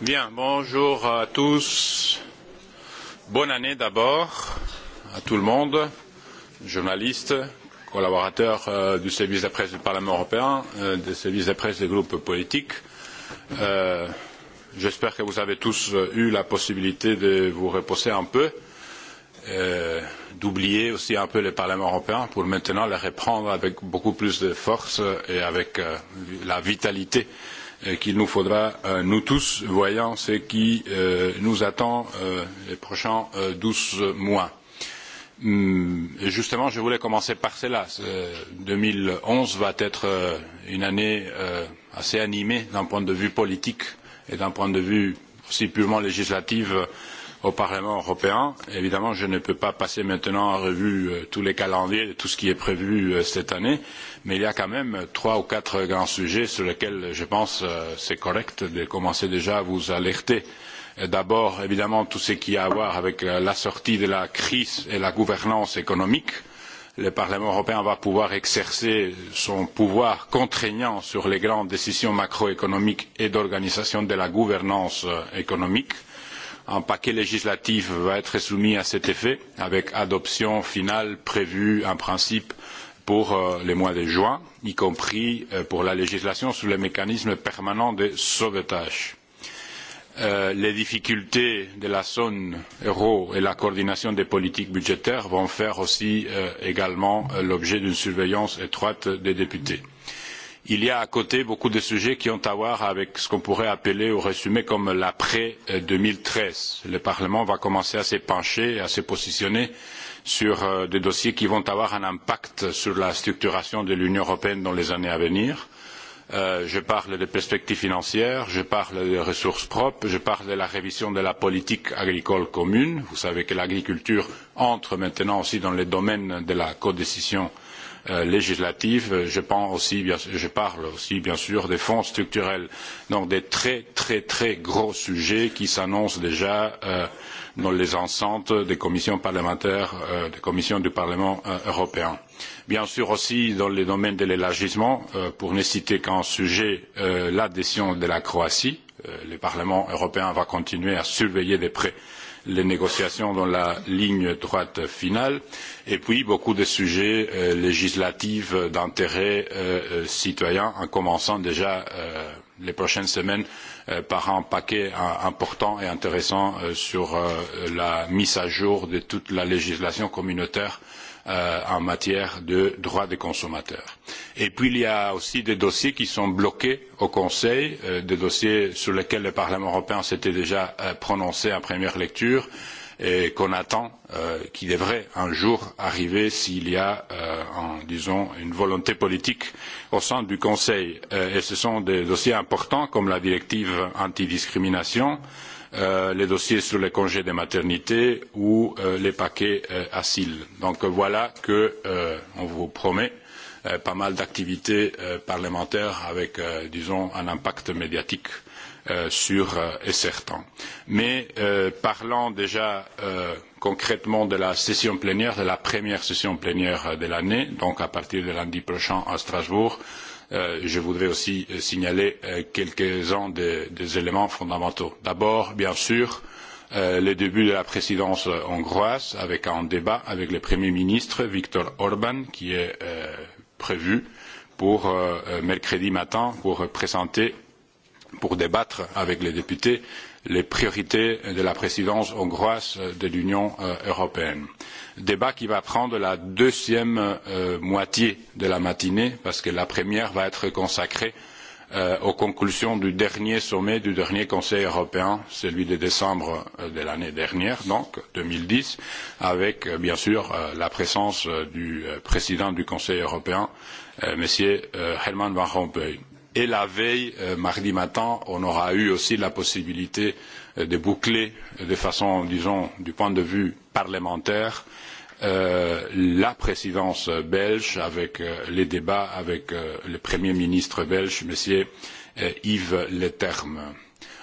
Bien, bonjour à tous. Bonne année d'abord à tout le monde, journalistes, collaborateurs du service de presse du Parlement européen, du service de presse des groupes politiques. J'espère que vous avez tous eu la possibilité de vous reposer un peu, d'oublier aussi un peu le Parlement européen pour maintenant le reprendre avec beaucoup plus de force et avec la vitalité qu'il nous faudra, nous tous, voyant ce qui nous attend les prochains douze mois. justement, je voulais commencer par cela. 2011 va être une année assez animée d'un point de vue politique et d'un point de vue aussi purement législatif au Parlement européen. Évidemment, je ne peux pas passer maintenant en revue tous les calendriers, de tout ce qui est prévu cette année, mais il y a quand même trois ou quatre grands sujets sur lesquels je pense c'est correct de commencer déjà à vous alerter. D'abord, évidemment, tout ce qui a à voir avec la sortie de la crise et la gouvernance économique. Le Parlement européen va pouvoir exercer son pouvoir contraignant sur les grandes décisions macroéconomiques et d'organisation de la gouvernance économique Un paquet législatif va être soumis à cet effet, avec adoption finale prévue en principe pour les mois de juin, y compris pour la législation sur les mécanismes permanents de sauvetage. Les difficultés de la zone euro et la coordination des politiques budgétaires vont faire aussi également l'objet d'une surveillance étroite des députés il y a à côté beaucoup de sujets qui ont à voir avec ce qu'on pourrait appeler ou résumer comme l'après 2013. Le Parlement va commencer à se pencher, à se positionner sur des dossiers qui vont avoir un impact sur la structuration de l'Union européenne dans les années à venir. Je parle des perspectives financières, je parle des ressources propres, je parle de la révision de la politique agricole commune. Vous savez que l'agriculture entre maintenant aussi dans le domaine de la codécision législative, Je pense aussi, je parle aussi bien sûr des fonds structurels. Donc des très très très gros sujets qui s'annoncent déjà dans les enceintes des commissions parlementaires, des commissions du Parlement européen. Bien sûr aussi dans le domaine de l'élargissement, pour ne citer qu'un sujet, l'adhésion de la Croatie. Le Parlement européen va continuer à surveiller de près les négociations dans la ligne droite finale, et puis beaucoup de sujets législatifs d'intérêt citoyen, en commençant déjà les prochaines semaines par un paquet important et intéressant sur la mise à jour de toute la législation communautaire en matière de droits des consommateurs. Et puis il y a aussi des dossiers qui sont bloqués au Conseil, des dossiers sur lesquels le Parlement européen s'était déjà prononcé en première lecture et qu'on attend, qui devrait un jour arriver s'il y a, disons, une volonté politique au sein du Conseil. Et ce sont des dossiers importants comme la directive antidiscrimination, discrimination les dossiers sur les congés de maternité ou les paquets asile. Donc voilà que on vous promet pas mal d'activités parlementaires avec, disons, un impact médiatique sûr et certain. Mais parlant déjà concrètement de la session plénière, de la première session plénière de l'année, donc à partir de lundi prochain à Strasbourg, je voudrais aussi signaler quelques-uns des éléments fondamentaux. D'abord, bien sûr, le début de la présidence hongroise avec un débat avec le Premier ministre Viktor Orban qui est prévu pour mercredi matin pour présenter, pour débattre avec les députés les priorités de la présidence hongroise de l'Union européenne. Débat qui va prendre la deuxième moitié de la matinée, parce que la première va être consacrée aux conclusions du dernier sommet du dernier Conseil européen, celui de décembre de l'année dernière, donc 2010, avec bien sûr la présence du président du Conseil européen, M. Herman Van Rompuy et la veille mardi matin on aura eu aussi la possibilité de boucler de façon disons du point de vue parlementaire la présidence belge avec les débats avec le premier ministre belge m. yves leterme.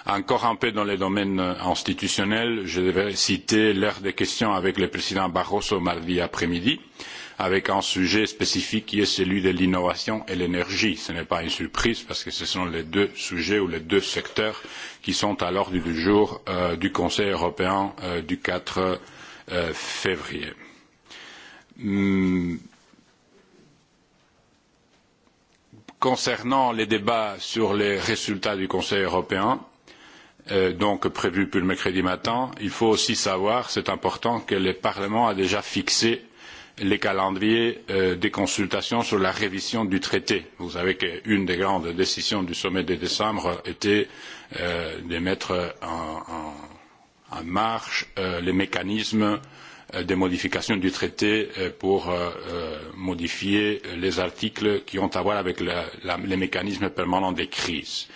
encore un peu dans les domaines institutionnels, je devrais citer l'heure des questions avec le président barroso mardi après midi avec un sujet spécifique qui est celui de l'innovation et l'énergie. Ce n'est pas une surprise parce que ce sont les deux sujets ou les deux secteurs qui sont à l'ordre du jour du Conseil européen du 4 février. Concernant les débats sur les résultats du Conseil européen, donc prévus pour le mercredi matin, il faut aussi savoir, c'est important, que le Parlement a déjà fixé les calendriers des consultations sur la révision du traité. Vous savez qu'une des grandes décisions du sommet de décembre était de mettre en marche les mécanismes de modification du traité pour modifier les articles qui ont à voir avec les mécanismes permanents des crises.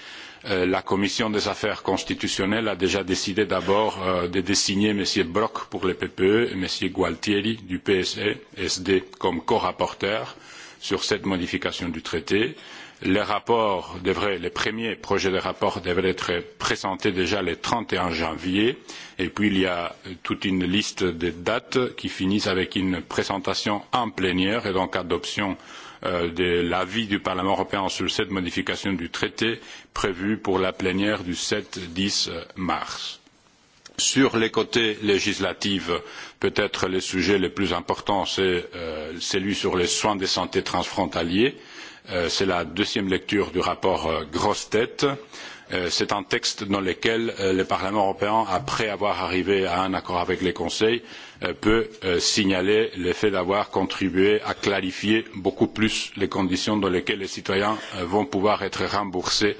La commission des affaires constitutionnelles a déjà décidé d'abord de désigner M. Brok pour le PPE et M. Gualtieri du PSE SD comme corapporteurs sur cette modification du traité. Le rapport devrait, le premier projet de rapport devrait être présenté déjà le 31 janvier. Et puis il y a toute une liste de dates qui finissent avec une présentation en plénière et donc adoption de l'avis du Parlement européen sur cette modification du traité prévue pour la plénière du 7-10 mars. Sur les côtés législatifs, peut-être le sujet le plus important, c'est celui sur les soins de santé transfrontaliers. C'est la deuxième lecture du rapport Grosse-Tête C'est un texte dans lequel le Parlement européen, après avoir arrivé à un accord avec le Conseil, peut signaler le fait d'avoir contribué à clarifier beaucoup plus les conditions dans lesquelles les citoyens vont pouvoir être remboursés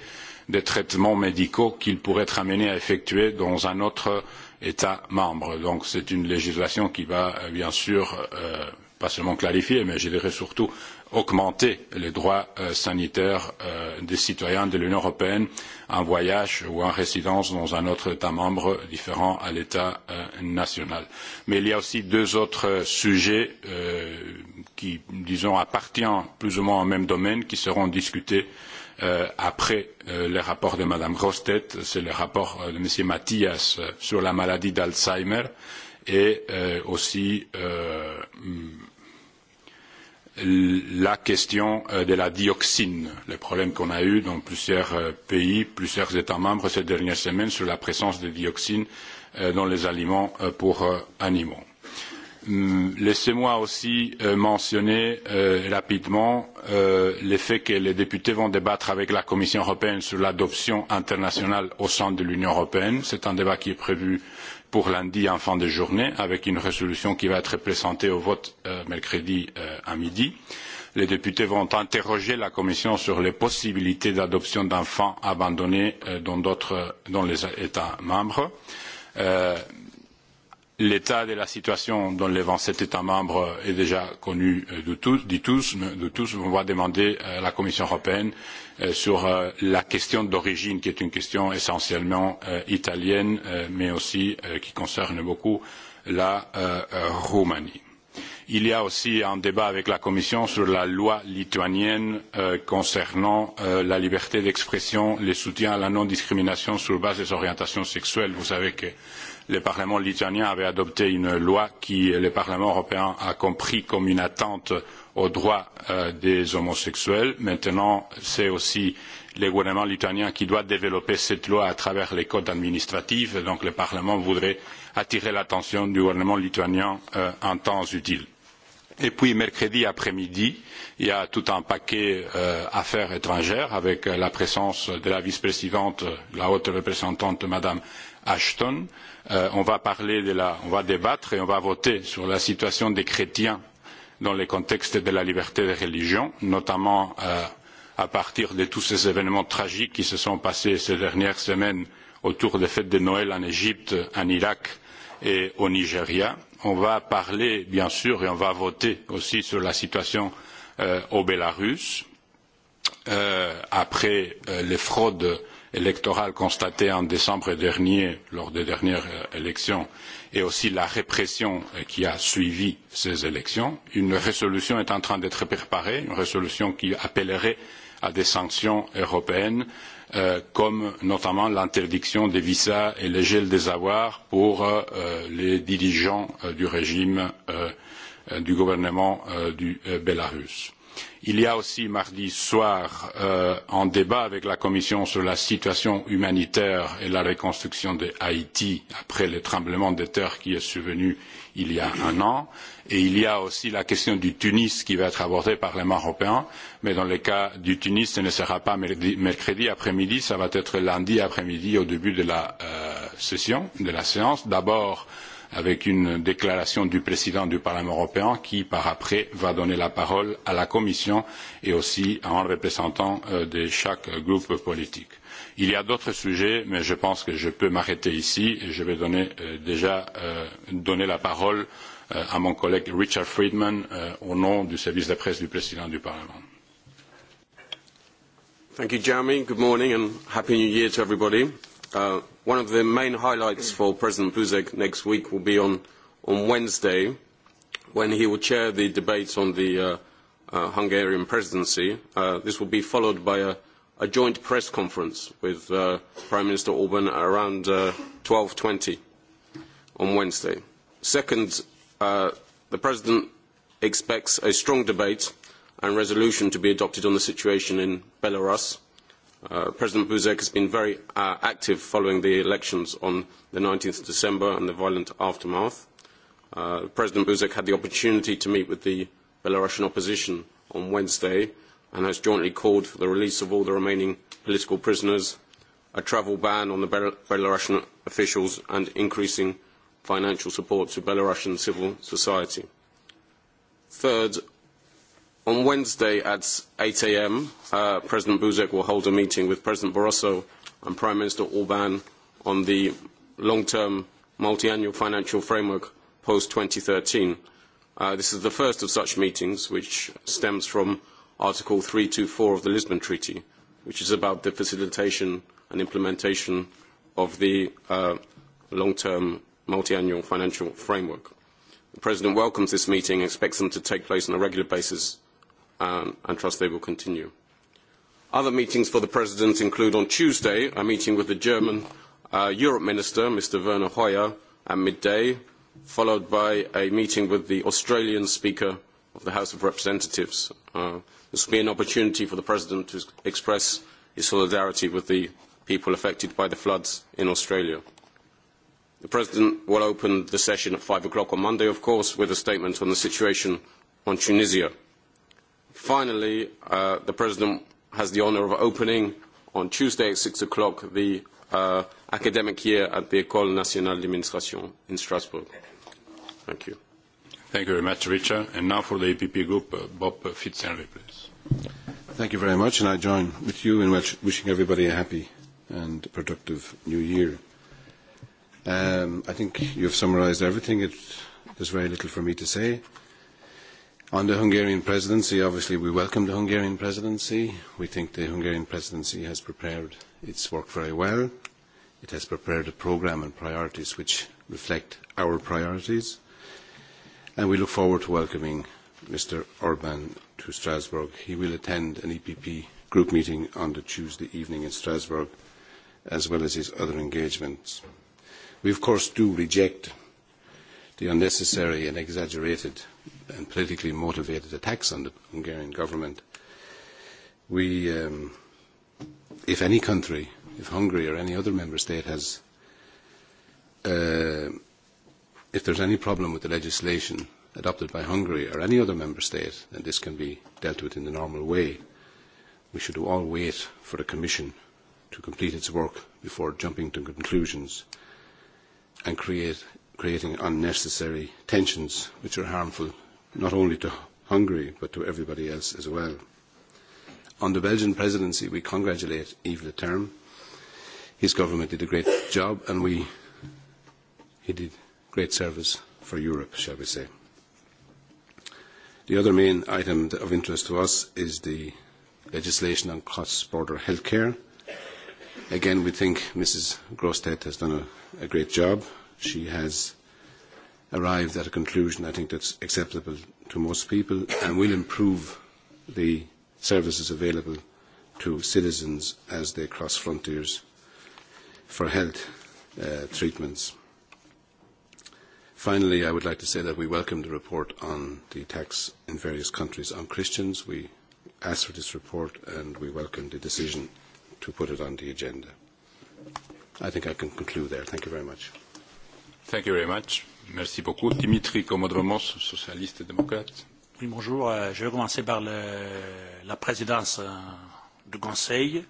des traitements médicaux qu'ils pourraient être amenés à effectuer dans un autre État membre. Donc c'est une législation qui va, bien sûr, pas seulement clarifier, mais je dirais surtout augmenter les droits sanitaires des citoyens de l'Union européenne en voyage ou en résidence dans un autre État membre différent à l'État national. Mais il y a aussi deux autres sujets qui, disons, appartiennent plus ou moins au même domaine, qui seront discutés après le rapport de Mme Grostet. C'est le rapport de M. Matthias sur la maladie d'Alzheimer et aussi la question de la dioxine, le problème qu'on a eu dans plusieurs pays, plusieurs États membres ces dernières semaines sur la présence de dioxine dans les aliments pour animaux. Laissez-moi aussi mentionner rapidement le fait que les députés vont débattre avec la Commission européenne sur l'adoption internationale au sein de l'Union européenne. C'est un débat qui est prévu pour lundi en fin de journée, avec une résolution qui va être présentée au vote mercredi à midi. Les députés vont interroger la Commission sur les possibilités d'adoption d'enfants abandonnés dans les États membres L'état de la situation dans les 27 États membres est déjà connu de tous. De on va demander à la Commission européenne sur la question d'origine, qui est une question essentiellement italienne, mais aussi qui concerne beaucoup la Roumanie. Il y a aussi un débat avec la Commission sur la loi lituanienne concernant la liberté d'expression, le soutien à la non-discrimination sur la base des orientations sexuelles. Vous savez que le Parlement lituanien avait adopté une loi qui le Parlement européen a compris comme une attente aux droits des homosexuels. Maintenant, c'est aussi le gouvernement lituanien qui doit développer cette loi à travers les codes administratifs. Donc le Parlement voudrait attirer l'attention du gouvernement lituanien en temps utile. Et puis, mercredi après-midi, il y a tout un paquet affaires étrangères avec la présence de la vice-présidente, la haute représentante, Mme Ashton on va parler on va débattre et on va voter sur la situation des chrétiens dans le contexte de la liberté de religion notamment à partir de tous ces événements tragiques qui se sont passés ces dernières semaines autour des fêtes de Noël en Égypte en Irak et au Nigeria on va parler bien sûr et on va voter aussi sur la situation au Bélarus après les fraudes électorale constatée en décembre dernier lors des dernières élections et aussi la répression qui a suivi ces élections. Une résolution est en train d'être préparée, une résolution qui appellerait à des sanctions européennes, comme notamment l'interdiction des visas et le gel des avoirs pour les dirigeants du régime du gouvernement du Bélarus. Il y a aussi mardi soir un débat avec la Commission sur la situation humanitaire et la reconstruction de Haïti après le tremblement de terre qui est survenu il y a un an. Et il y a aussi la question du Tunis qui va être abordée par les européen, Mais dans le cas du Tunis, ce ne sera pas mercredi après-midi, ça va être lundi après-midi au début de la session, de la séance. D'abord, avec une déclaration du président du Parlement européen qui, par après, va donner la parole à la Commission et aussi à un représentant de chaque groupe politique. Il y a d'autres sujets, mais je pense que je peux m'arrêter ici et je vais déjà donner la parole à mon collègue Richard Friedman au nom du service de presse du président du Parlement. One of the main highlights for President Buzek next week will be on Wednesday, when he will chair the debate on the Hungarian presidency. This will be followed by a joint press conference with Prime Minister Orban around 12.20 on Wednesday. Second, the President expects a strong debate and resolution to be adopted on the situation in Belarus President Buzek has been very active following the elections on the 19 of December and the violent aftermath. President Buzek had the opportunity to meet with the Belarusian opposition on Wednesday and has jointly called for the release of all the remaining political prisoners, a travel ban on the Belarusian officials and increasing financial support to Belarusian civil society. Third, On Wednesday at 8 a.m., President Buzek will hold a meeting with President Barroso and Prime Minister Orban on the long-term multi-annual financial framework post-2013. This is the first of such meetings, which stems from Article 324 of the Lisbon Treaty, which is about the facilitation and implementation of the long-term multi-annual financial framework. The President welcomes this meeting and expects them to take place on a regular basis and trust they will continue. Other meetings for the President include on Tuesday a meeting with the German Europe Minister, Mr Werner Hoyer, at midday, followed by a meeting with the Australian Speaker of the House of Representatives. This will be an opportunity for the President to express his solidarity with the people affected by the floods in Australia. The President will open the session at 5 o'clock on Monday, of course, with a statement on the situation on Tunisia. Finally, the President has the honour of opening on Tuesday at 6 o'clock the academic year at the École Nationale d'Administration in Strasbourg. Thank you. Thank you very much, Richard. And now for the EPP Group, Bob Fitzgerald, please. Thank you very much, and I join with you in wishing everybody a happy and productive New Year. I think you have summarised everything. is very little for me to say. On the Hungarian presidency, obviously we welcome the Hungarian presidency. We think the Hungarian presidency has prepared its work very well. It has prepared a programme and priorities which reflect our priorities. And we look forward to welcoming Mr. Orban to Strasbourg. He will attend an EPP group meeting on the Tuesday evening in Strasbourg, as well as his other engagements. We, of course, do reject the unnecessary and exaggerated and politically motivated attacks on the Hungarian government. We, if any country, if Hungary or any other member state has, if there's any problem with the legislation adopted by Hungary or any other member state, then this can be dealt with in the normal way. We should all wait for the Commission to complete its work before jumping to conclusions and create creating unnecessary tensions which are harmful not only to Hungary but to everybody else as well. On the Belgian presidency, we congratulate Yves Le His government did a great job and we he did great service for Europe, shall we say. The other main item of interest to us is the legislation on cross-border health care. Again, we think Mrs. Grosstedt has done a great job she has arrived at a conclusion I think that's acceptable to most people and will improve the services available to citizens as they cross frontiers for health treatments. Finally, I would like to say that we welcome the report on the tax in various countries on Christians. We asked for this report and we welcome the decision to put it on the agenda. I think I can conclude there. Thank you very much. Thank you very much. Merci beaucoup. Dimitri Komodromos, socialiste et démocrate. Oui, bonjour. Je vais commencer par la présidence du Conseil.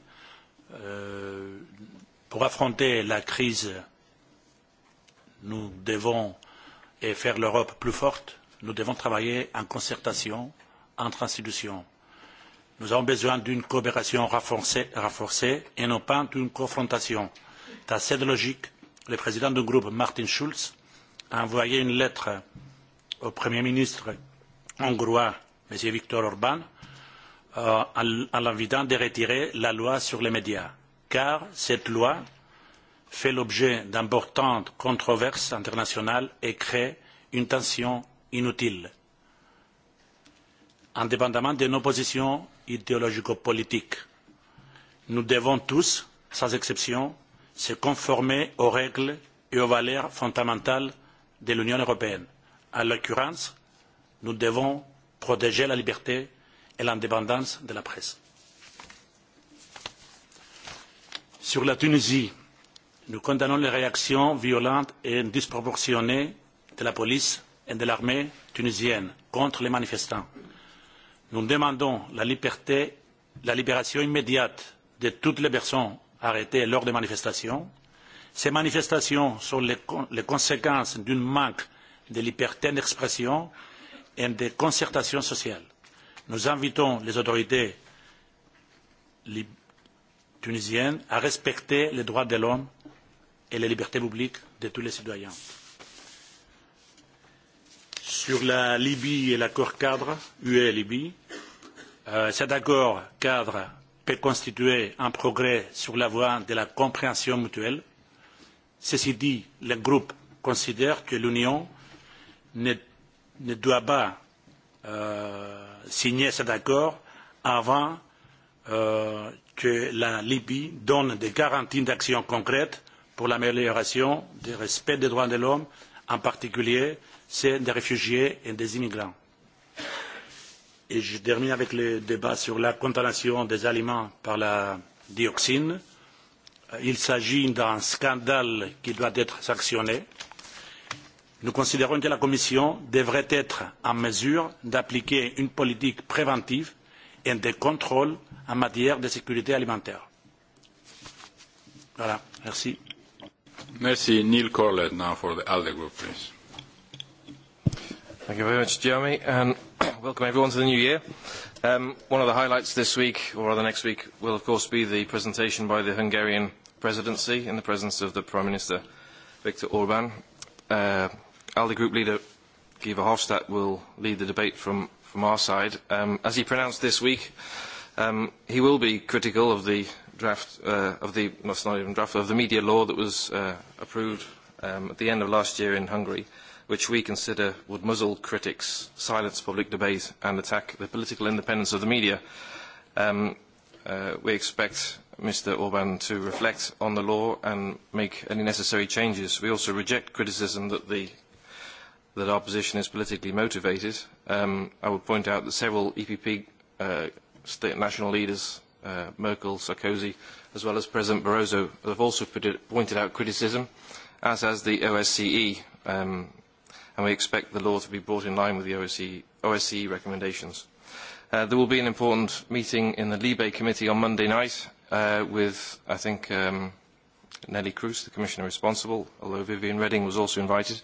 Pour affronter la crise, nous devons et faire l'Europe plus forte, nous devons travailler en concertation entre institutions. Nous avons besoin d'une coopération renforcée et non pas d'une confrontation. C'est cette logique, le président du groupe, Martin Schulz, a envoyé une lettre au Premier ministre hongrois, M. Viktor Orban, en l'invitant de retirer la loi sur les médias, car cette loi fait l'objet d'importantes controverses internationales et crée une tension inutile. Indépendamment de nos positions idéologico-politiques, nous devons tous, sans exception, se conformer aux règles et aux valeurs fondamentales de l'Union européenne. En l'occurrence, nous devons protéger la liberté et l'indépendance de la presse. Sur la Tunisie, nous condamnons les réactions violentes et disproportionnées de la police et de l'armée tunisienne contre les manifestants. Nous demandons la libération immédiate de toutes les personnes arrêtés lors des manifestations. Ces manifestations sont les conséquences d'un manque de liberté d'expression et de concertation sociale. Nous invitons les autorités tunisiennes à respecter les droits de l'homme et les libertés publiques de tous les citoyens. Sur la Libye et l'accord cadre UE Libye, cet accord cadre peut constituer un progrès sur la voie de la compréhension mutuelle. Ceci dit, le groupe considère que l'Union ne doit pas signer cet accord avant que la Libye donne des garanties d'action concrètes pour l'amélioration du respect des droits de l'homme, en particulier ceux des réfugiés et des immigrants. Et je termine avec le débat sur la contamination des aliments par la dioxine. Il s'agit d'un scandale qui doit être sanctionné. Nous considérons que la Commission devrait être en mesure d'appliquer une politique préventive et de contrôle en matière de sécurité alimentaire. Voilà, merci. Merci. Neil Corlett, now for the ALDE group, please. Thank you very much, Jeremy, and welcome everyone to the new year. One of the highlights this week, or rather next week, will of course be the presentation by the Hungarian presidency in the presence of the Prime Minister Viktor Orban. ALDE Group leader Guy Verhofstadt will lead the debate from our side. As he pronounced this week, he will be critical of the draft of the not even draft of the media law that was approved at the end of last year in Hungary which we consider would muzzle critics, silence public debate and attack the political independence of the media. We expect Mr Orban to reflect on the law and make any necessary changes. We also reject criticism that the that our position is politically motivated. I would point out that several EPP state national leaders, Merkel, Sarkozy, as well as President Barroso, have also pointed out criticism, as has the OSCE, and we expect the law to be brought in line with the OSCE recommendations. There will be an important meeting in the Libe Committee on Monday night with, I think, Nelly Cruz, the Commissioner responsible, although Vivian Redding was also invited,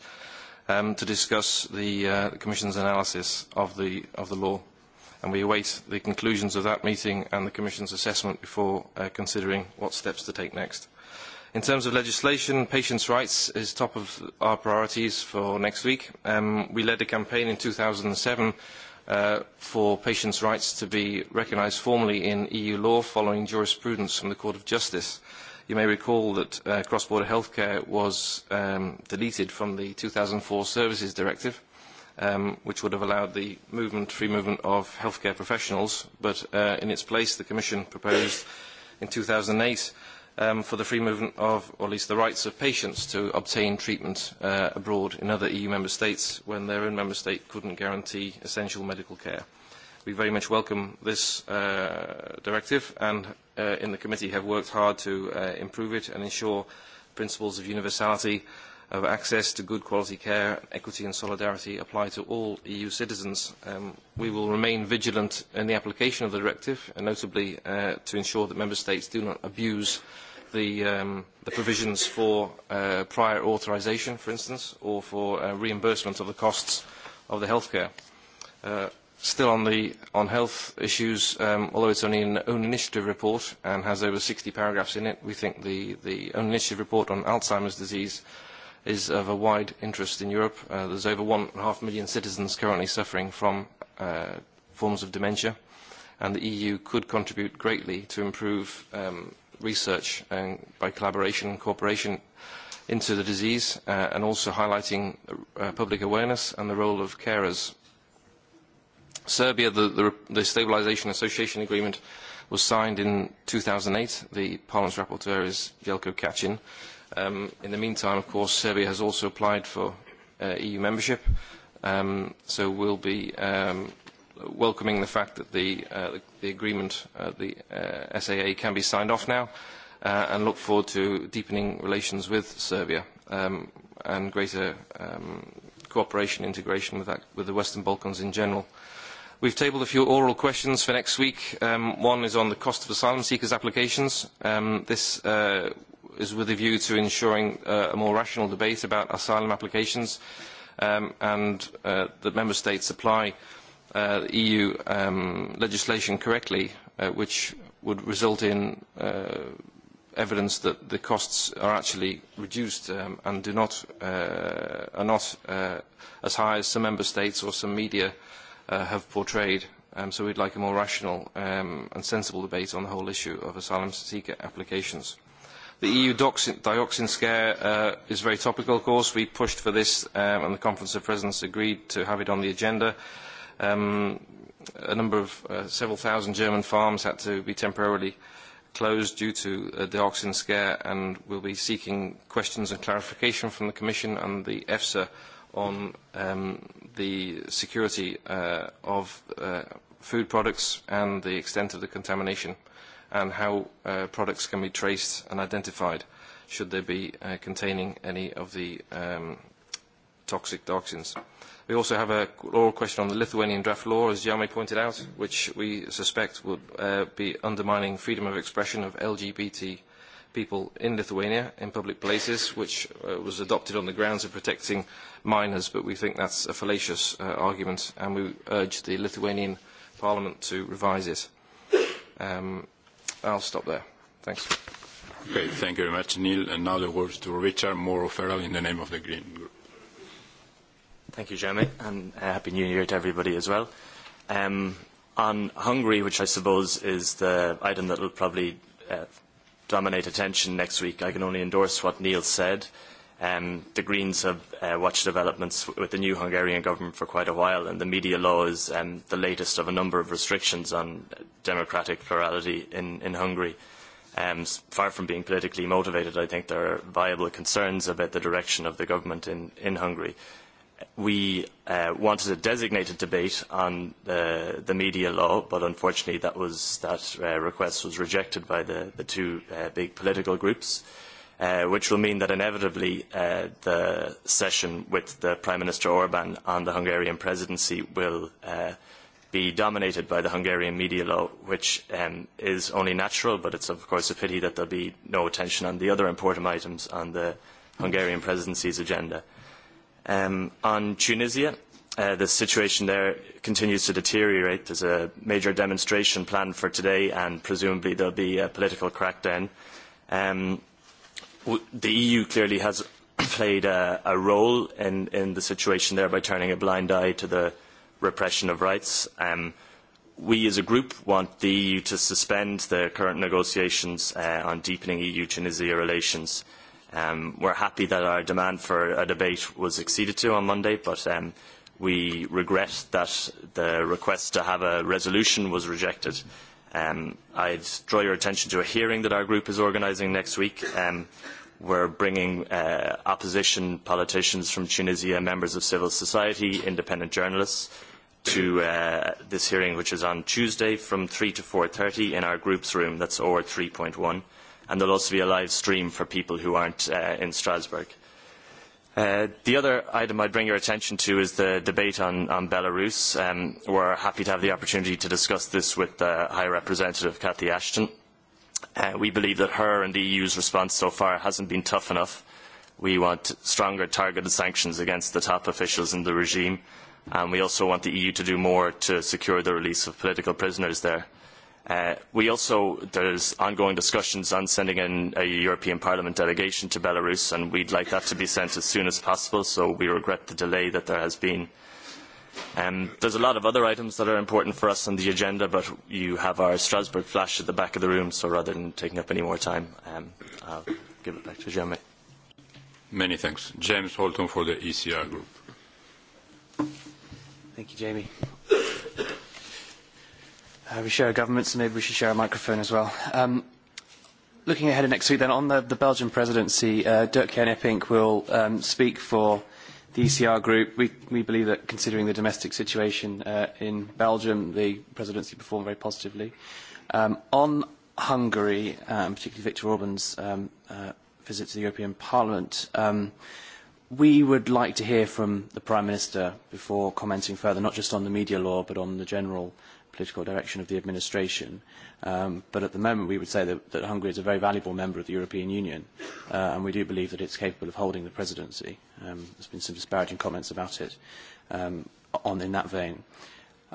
to discuss the Commission's analysis of the law. And we await the conclusions of that meeting and the Commission's assessment before considering what steps to take next. In terms of legislation, patients' rights is top of our priorities for next week. We led a campaign in 2007 for patients' rights to be recognised formally in EU law following jurisprudence from the Court of Justice. You may recall that cross-border healthcare was deleted from the 2004 Services Directive, which would have allowed the movement free movement of healthcare professionals, but in its place the Commission proposed in 2008 for the free movement of, or at least the rights of patients to obtain treatment abroad in other EU member states when their own member state could not guarantee essential medical care. We very much welcome this directive and in the committee have worked hard to improve it and ensure principles of universality of access to good quality care, equity and solidarity apply to all EU citizens. We will remain vigilant in the application of the directive, and notably to ensure that Member States do not abuse the provisions for prior authorisation, for instance, or for reimbursement of the costs of the healthcare. Still on health issues, although it's only an own initiative report and has over 60 paragraphs in it, we think the own initiative report on Alzheimer's disease is of a wide interest in Europe. There's over one and a half million citizens currently suffering from forms of dementia, and the EU could contribute greatly to improve research by collaboration and cooperation into the disease, and also highlighting public awareness and the role of carers. Serbia, the Stabilization Association Agreement was signed in 2008. The Parliament's rapporteur is Jelko Kacin In the meantime, of course, Serbia has also applied for EU membership, so we'll be welcoming the fact that the agreement, the SAA, can be signed off now, and look forward to deepening relations with Serbia and greater cooperation, integration with the Western Balkans in general. We've tabled a few oral questions for next week. One is on the cost of asylum seekers' applications. This is with a view to ensuring a more rational debate about asylum applications and that member states apply EU legislation correctly, which would result in evidence that the costs are actually reduced and do not are not as high as some member states or some media have portrayed. So we'd like a more rational and sensible debate on the whole issue of asylum seeker applications. The EU dioxin scare is very topical, of course. We pushed for this, and the Conference of Presidents agreed to have it on the agenda. A number of several thousand German farms had to be temporarily closed due to the dioxin scare, and will be seeking questions and clarification from the Commission and the EFSA on the security of food products and the extent of the contamination and how products can be traced and identified should they be containing any of the toxic toxins. We also have a oral question on the Lithuanian draft law, as Jaume pointed out, which we suspect would be undermining freedom of expression of LGBT people in Lithuania in public places, which was adopted on the grounds of protecting minors, but we think that's a fallacious argument, and we urge the Lithuanian Parliament to revise it. I'll stop there. Thanks. Okay, thank you very much, Neil. And now the words to Richard Moore Farrell in the name of the Green Group. Thank you, Jeremy, and Happy New Year to everybody as well. On Hungary, which I suppose is the item that will probably dominate attention next week, I can only endorse what Neil said. The Greens have watched developments with the new Hungarian government for quite a while, and the media law is the latest of a number of restrictions on democratic plurality in Hungary. Far from being politically motivated, I think there are viable concerns about the direction of the government in Hungary. We wanted a designated debate on the media law, but unfortunately that request was rejected by the two big political groups which will mean that inevitably the session with the Prime Minister Orban on the Hungarian presidency will be dominated by the Hungarian media law, which is only natural, but it's of course a pity that there will be no attention on the other important items on the Hungarian presidency's agenda. On Tunisia, the situation there continues to deteriorate. There's a major demonstration planned for today, and presumably there will be a political crackdown the EU clearly has played a role in the situation there by turning a blind eye to the repression of rights. We as a group want the EU to suspend the current negotiations on deepening EU-Tunisia relations. We're happy that our demand for a debate was acceded to on Monday, but we regret that the request to have a resolution was rejected I'd draw your attention to a hearing that our group is organising next week. We're bringing opposition politicians from Tunisia, members of civil society, independent journalists to this hearing, which is on Tuesday from 3 to 4.30 in our group's room. That's OR 3.1. And there'll also be a live stream for people who aren't in Strasbourg. The other item I'd bring your attention to is the debate on Belarus. are happy to have the opportunity to discuss this with High Representative Cathy Ashton. We believe that her and the EU's response so far hasn't been tough enough. We want stronger targeted sanctions against the top officials in the regime, and we also want the EU to do more to secure the release of political prisoners there. We also, there's ongoing discussions on sending in a European Parliament delegation to Belarus, and we'd like that to be sent as soon as possible, so we regret the delay that there has been. There's a lot of other items that are important for us on the agenda, but you have our Strasbourg flash at the back of the room, so rather than taking up any more time, I'll give it back to Jeremy. Many thanks. James Holton for the ECR Group. Thank you, Jamie. We share a government, so maybe we should share a microphone as well. Looking ahead next week, then, on the Belgian presidency, Dirk Jan Epping will speak for the ECR group. We we believe that, considering the domestic situation in Belgium, the presidency performed very positively. On Hungary, particularly Viktor Orban's visit to the European Parliament, um we would like to hear from the Prime Minister before commenting further, not just on the media law, but on the general political direction of the administration. But at the moment, we would say that Hungary is a very valuable member of the European Union, and we do believe that it's capable of holding the presidency. There's been some disparaging comments about it on in that vein.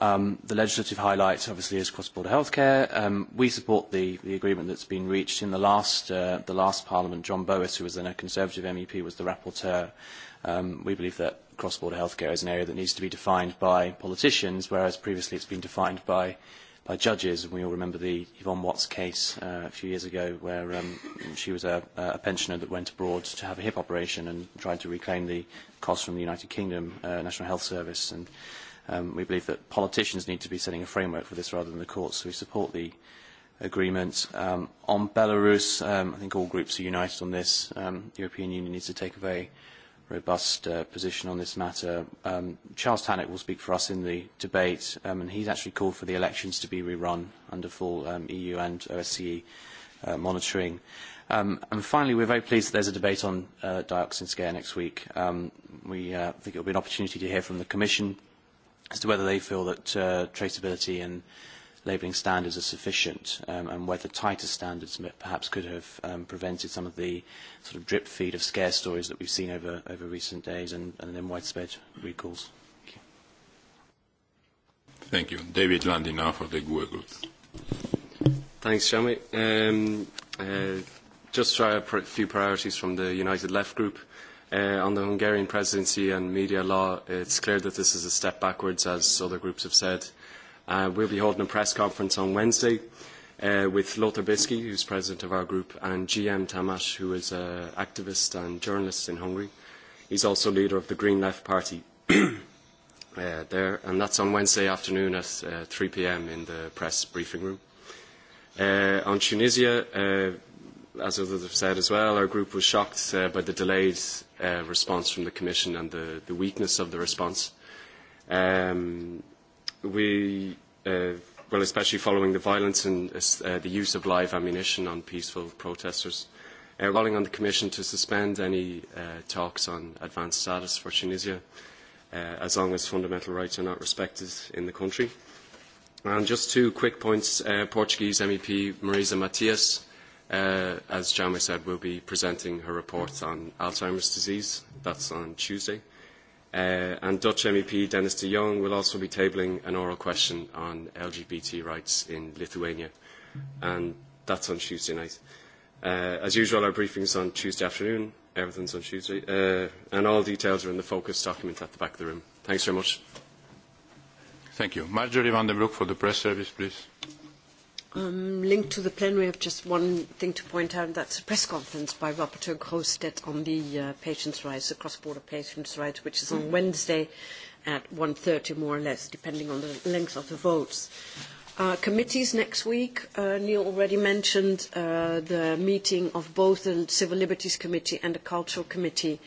The legislative highlight, obviously, is cross-border healthcare. We support the agreement that's been reached in the last Parliament. John Boas, who was then a Conservative MEP, was the rapporteur. We believe that cross-border healthcare is an area that needs to be defined by politicians, whereas previously it's been defined by by judges. And we all remember the Yvonne Watts case a few years ago, where she was a pensioner that went abroad to have a hip operation and tried to reclaim the cost from the United Kingdom National Health Service. And we believe that politicians need to be setting a framework for this rather than the courts. So we support the agreement. On Belarus, I think all groups are united on this. The European Union needs to take a very robust position on this matter. Charles Tannock will speak for us in the debate, and he's actually called for the elections to be rerun under full EU and OSCE monitoring. And finally, we're very pleased that there's a debate on dioxin scare next week. We think it will be an opportunity to hear from the Commission as to whether they feel that traceability and labelling standards are sufficient and whether tighter standards perhaps could have prevented some of the sort of drip feed of scare stories that we've seen over over recent days and then widespread recalls. Thank you. David Landy now for the Google Group. Thanks, Jamie. Just try a few priorities from the United Left Group. On the Hungarian presidency and media law, it's clear that this is a step backwards, as other groups have said. We'll be holding a press conference on Wednesday with Lothar Bisky, who's president of our group, and GM Tamás, who is an activist and journalist in Hungary. He's also leader of the Green Left Party there, and that's on Wednesday afternoon at 3 p.m. in the press briefing room. On Tunisia, as others have said as well, our group was shocked by the delayed response from the Commission and the weakness of the response we, well, especially following the violence and the use of live ammunition on peaceful protesters, calling on the Commission to suspend any talks on advanced status for Tunisia as long as fundamental rights are not respected in the country. And just two quick points. Portuguese MEP Marisa Matias, as Jamie said, will be presenting her report on Alzheimer's disease. That's on Tuesday and Dutch MEP Dennis de Jong will also be tabling an oral question on LGBT rights in Lithuania, and that's on Tuesday night. As usual, our briefing's on Tuesday afternoon. Everything's on Tuesday, and all details are in the focus document at the back of the room. Thanks very much. Thank you. Marjorie van den Broek for the press service, please. Linked to the plenary, I have just one thing to point out. That's a press conference by Rapporteur Grosstedt on the patients' rights, the cross-border patients' rights, which is on Wednesday at 1.30 more or less, depending on the length of the votes. Committees next week. Neil already mentioned the meeting of both the Civil Liberties Committee and the Cultural Committee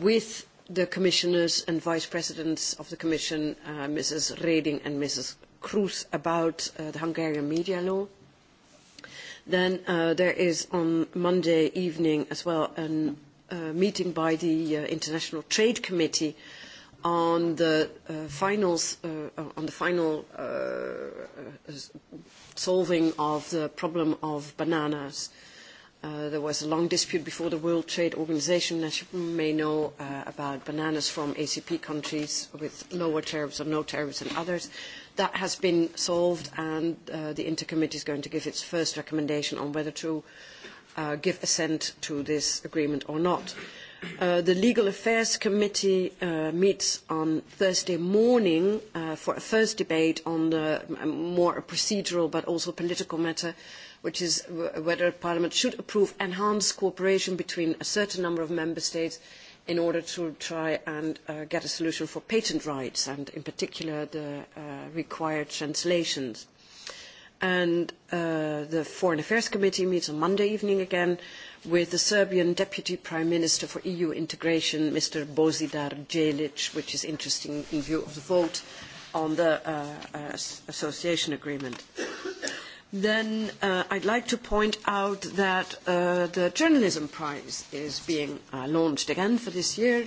with the commissioners and vice presidents of the Commission, Mrs. Reding and Mrs. Cruz about the Hungarian media law. Then there is on Monday evening as well a meeting by the International Trade Committee on the finals on the final solving of the problem of bananas There was a long dispute before the World Trade Organization, as you may know, about bananas from ACP countries with lower tariffs or no tariffs than others. That has been solved, and the Intercommittee is going to give its first recommendation on whether to give assent to this agreement or not. The Legal Affairs Committee meets on Thursday morning for a first debate on more procedural but also political matter which is whether Parliament should approve enhanced cooperation between a certain number of member states in order to try and get a solution for patent rights and in particular the required translations. And the Foreign Affairs Committee meets on Monday evening again with the Serbian Deputy Prime Minister for EU Integration, Mr. Bozidar Jelic, which is interesting in view of the vote on the association agreement then I'd like to point out that the Journalism Prize is being launched again for this year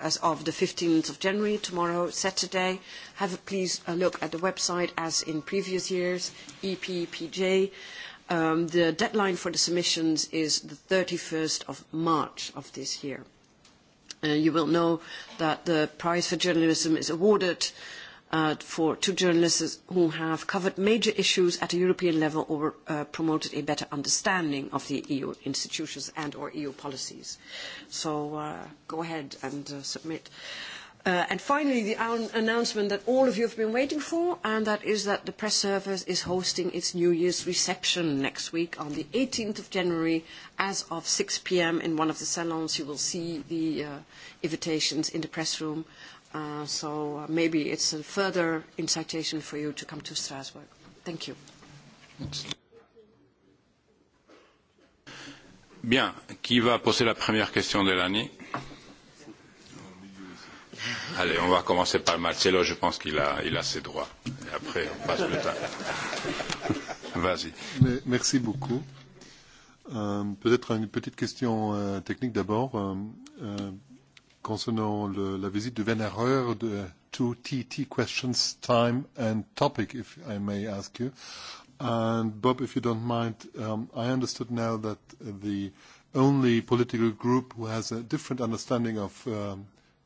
as of the 15th of January, tomorrow, Saturday. Have a please a look at the website as in previous years, EPPJ. The deadline for the submissions is the 31st of March of this year. You will know that the Prize for Journalism is awarded for two journalists who have covered major issues at a European level or promoted a better understanding of the EU institutions and or EU policies. So go ahead and submit. And finally, the announcement that all of you have been waiting for, and that is that the press service is hosting its New Year's reception next week on the 18th of January, as of 6 p.m. in one of the salons. You will see the invitations in the press room So maybe it's a further incitation for you to come to Strasbourg. Thank you. Bien. Qui va poser la première question de l'année Allez, on va commencer par Marcelo. Je pense qu'il a, il a ses droits. Et après, on passe plus tard. Vas-y. Merci beaucoup. Peut-être une petite question technique d'abord concernant la visite de Vénéreur, the two TT questions, time and topic, if I may ask you. And Bob, if you don't mind, I understood now that the only political group who has a different understanding of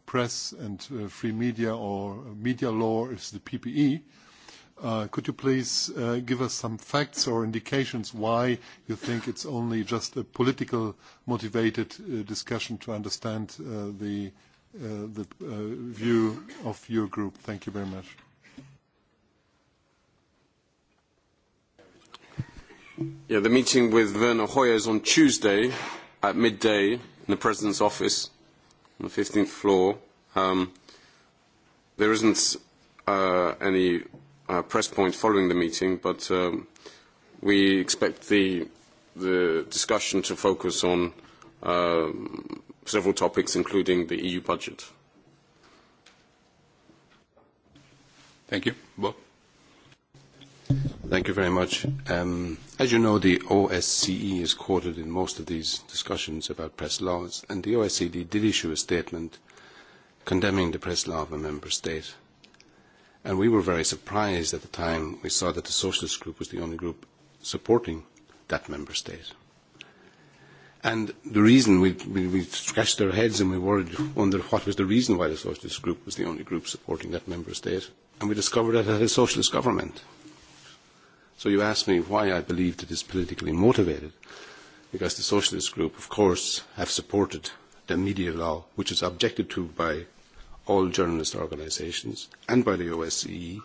press and free media or media law is the PPE Could you please give us some facts or indications why you think it's only just a political motivated discussion to understand the view of your group? Thank you very much. Yeah, The meeting with Werner Hoyer is on Tuesday at midday in the President's office on the 15th floor. There isn't any press point following the meeting, but we expect the discussion to focus on several topics, including the EU budget. Thank you. Thank you very much. As you know, the OSCE is quoted in most of these discussions about press laws, and the OSCE did issue a statement condemning the press law of a member state And we were very surprised at the time we saw that the Socialist group was the only group supporting that member state. And the reason we, we, we scratched our heads and we worried, wondered what was the reason why the Socialist group was the only group supporting that member state. And we discovered that it had a socialist government. So you asked me why I believed it is politically motivated. Because the Socialist group, of course, have supported the media law, which is objected to by all journalist organisations and by the OSCE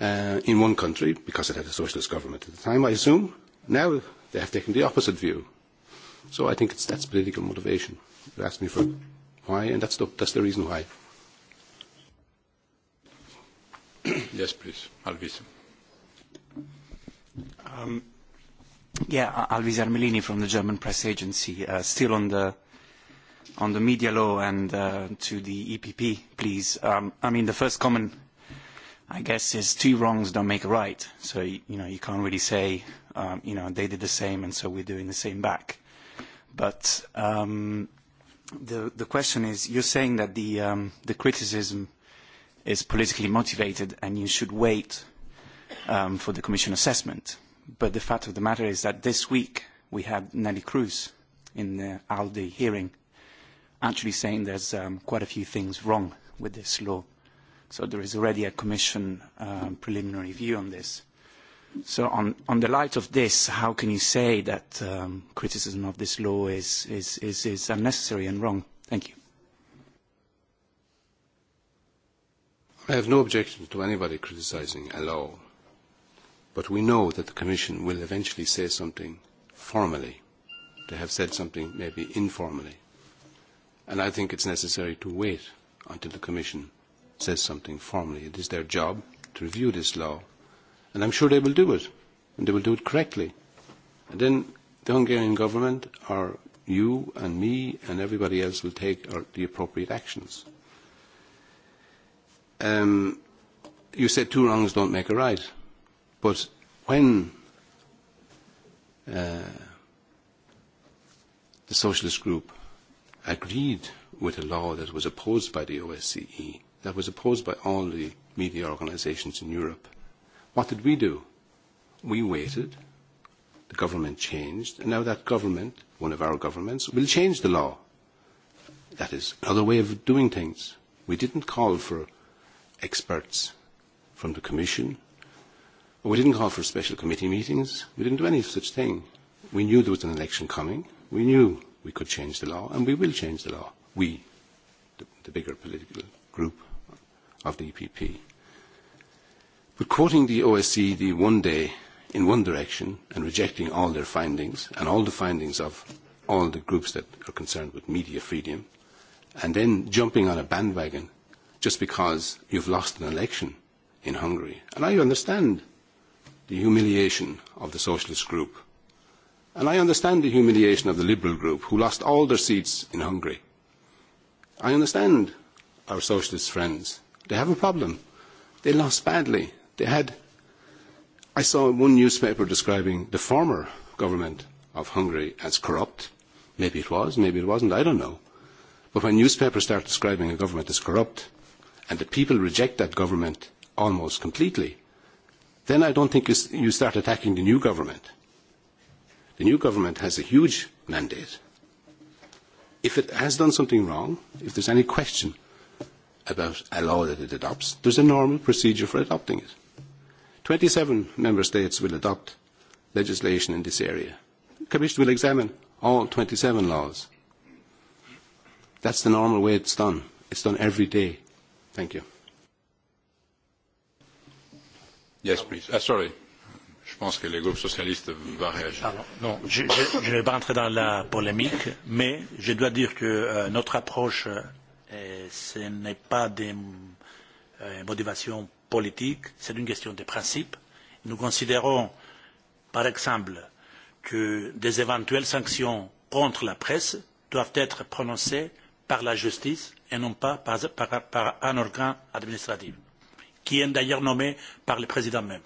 in one country, because it had a socialist government at the time, I assume. Now they have taken the opposite view. So I think it's, that's political motivation. You asked me for why, and that's the, the reason why. yes, please. Alvis. Um, yeah, Alvis Armelini from the German press agency. still on the on the media law and to the EPP, please. I mean, the first comment, I guess, is two wrongs don't make a right. So, you know, you can't really say, you know, they did the same and so we're doing the same back. But the question is, you're saying that the criticism is politically motivated and you should wait for the Commission assessment. But the fact of the matter is that this week we had Nelly Cruz in the ALDE hearing actually saying there's quite a few things wrong with this law. So there is already a Commission preliminary view on this. So on the light of this, how can you say that criticism of this law is unnecessary and wrong? Thank you. I have no objection to anybody criticising a law, but we know that the Commission will eventually say something formally. They have said something maybe informally. And I think it's necessary to wait until the Commission says something formally. It is their job to review this law, and I'm sure they will do it, and they will do it correctly. And then the Hungarian government, or you and me and everybody else, will take the appropriate actions. You said two wrongs don't make a right, but when the socialist group agreed with a law that was opposed by the OSCE, that was opposed by all the media organisations in Europe. What did we do? We waited. The government changed, and now that government, one of our governments, will change the law. That is another way of doing things. We didn't call for experts from the Commission. We didn't call for special committee meetings. We didn't do any such thing. We knew there was an election coming. We knew we could change the law, and we will change the law. We, the bigger political group of the EPP. But quoting the OSCE the one day in one direction and rejecting all their findings and all the findings of all the groups that are concerned with media freedom, and then jumping on a bandwagon just because you've lost an election in Hungary. And I understand the humiliation of the socialist group And I understand the humiliation of the Liberal group, who lost all their seats in Hungary. I understand our socialist friends. They have a problem. They lost badly. They had. I saw one newspaper describing the former government of Hungary as corrupt. Maybe it was, maybe it wasn't, I don't know. But when newspapers start describing a government as corrupt, and the people reject that government almost completely, then I don't think you start attacking the new government The new government has a huge mandate. If it has done something wrong, if there's any question about a law that it adopts, there's a normal procedure for adopting it. 27 member states will adopt legislation in this area. The Commission will examine all 27 laws. That's the normal way it's done. It's done every day. Thank you. Yes, please. Sorry pense que le groupe socialiste va réagir. Non, je ne vais pas entrer dans la polémique, mais je dois dire que notre approche, ce n'est pas des motivations politiques, c'est une question de principe. Nous considérons, par exemple, que des éventuelles sanctions contre la presse doivent être prononcées par la justice et non pas par un organe administratif, qui est d'ailleurs nommé par le président même.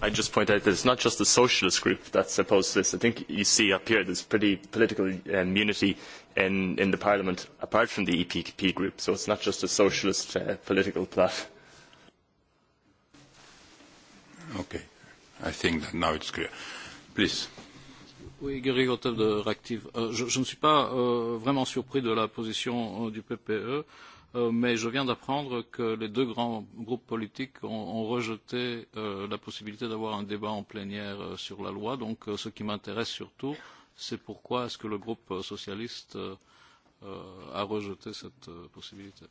I just point out that it's not just the socialist group that opposed this. I think you see up here there's pretty political unity in in the Parliament apart from the EPP group, so it's not just a socialist political plot. Okay, I think that now it's clear. Please. Oui, Gary Gotev de Reactive. Je ne suis pas vraiment surpris de la position du PPE mais je viens d'apprendre que les deux grands groupes politiques ont rejeté la possibilité d'avoir un débat en plénière sur la loi. Donc ce qui m'intéresse surtout, c'est pourquoi est-ce que le groupe socialiste a rejeté cette possibilité.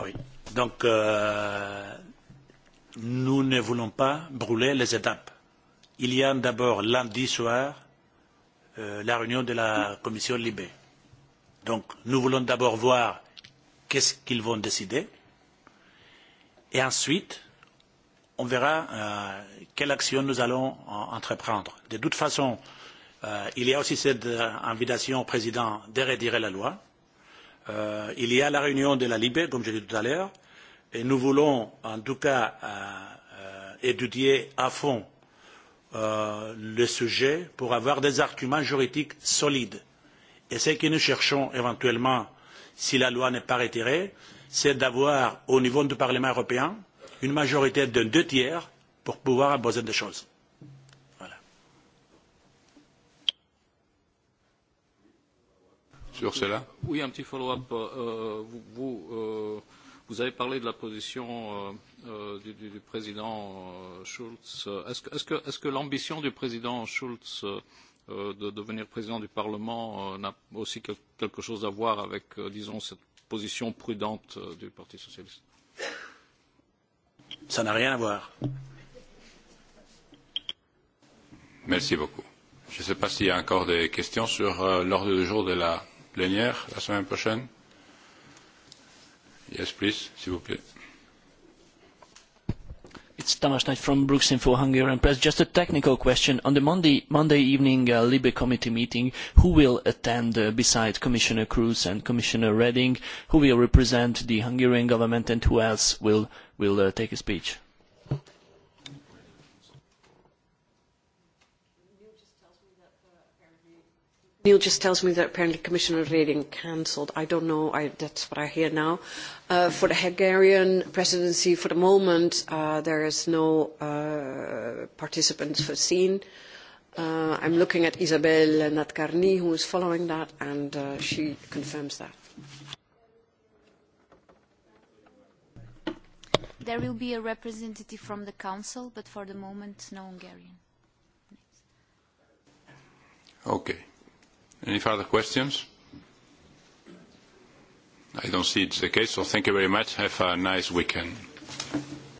Oui. Donc nous ne voulons pas brûler les étapes. Il y a d'abord lundi soir la réunion de la commission Libé Donc nous voulons d'abord voir qu'est-ce qu'ils vont décider et ensuite on verra quelle action nous allons entreprendre. De toute façon, il y a aussi cette invitation au président de retirer la loi. Il y a la réunion de la LIBE, comme je l'ai dit tout à l'heure, et nous voulons en tout cas étudier à fond le sujet pour avoir des arguments juridiques solides Et ce que nous cherchons éventuellement, si la loi n'est pas retirée, c'est d'avoir au niveau du Parlement européen une majorité de deux tiers pour pouvoir imposer des choses. Voilà. Sur cela Oui, un petit follow-up. Vous avez parlé de la position du président Schulz. Est-ce que l'ambition du président Schulz de devenir président du Parlement n'a aussi quelque chose à voir avec, disons, cette position prudente du Parti socialiste. Ça n'a rien à voir. Merci beaucoup. Je ne sais pas s'il y a encore des questions sur l'ordre du jour de la plénière la semaine prochaine. Yes, please, s'il vous plaît. It's Tamas Knight from Brooks Info Hungarian Press. Just a technical question. On the Monday evening LIBE committee meeting, who will attend besides Commissioner Kroes and Commissioner Reding? Who will represent the Hungarian government and who else will take a speech? Neil just tells me that apparently Commissioner Reding cancelled. I don't know. that's what I hear now. for the Hungarian presidency, for the moment, there is no uh, participants foreseen. I'm looking at Isabel Natkarni, who is following that, and she confirms that. There will be a representative from the Council, but for the moment, no Hungarian. Okay. Any further questions? I don't see it's the case, so thank you very much. Have a nice weekend.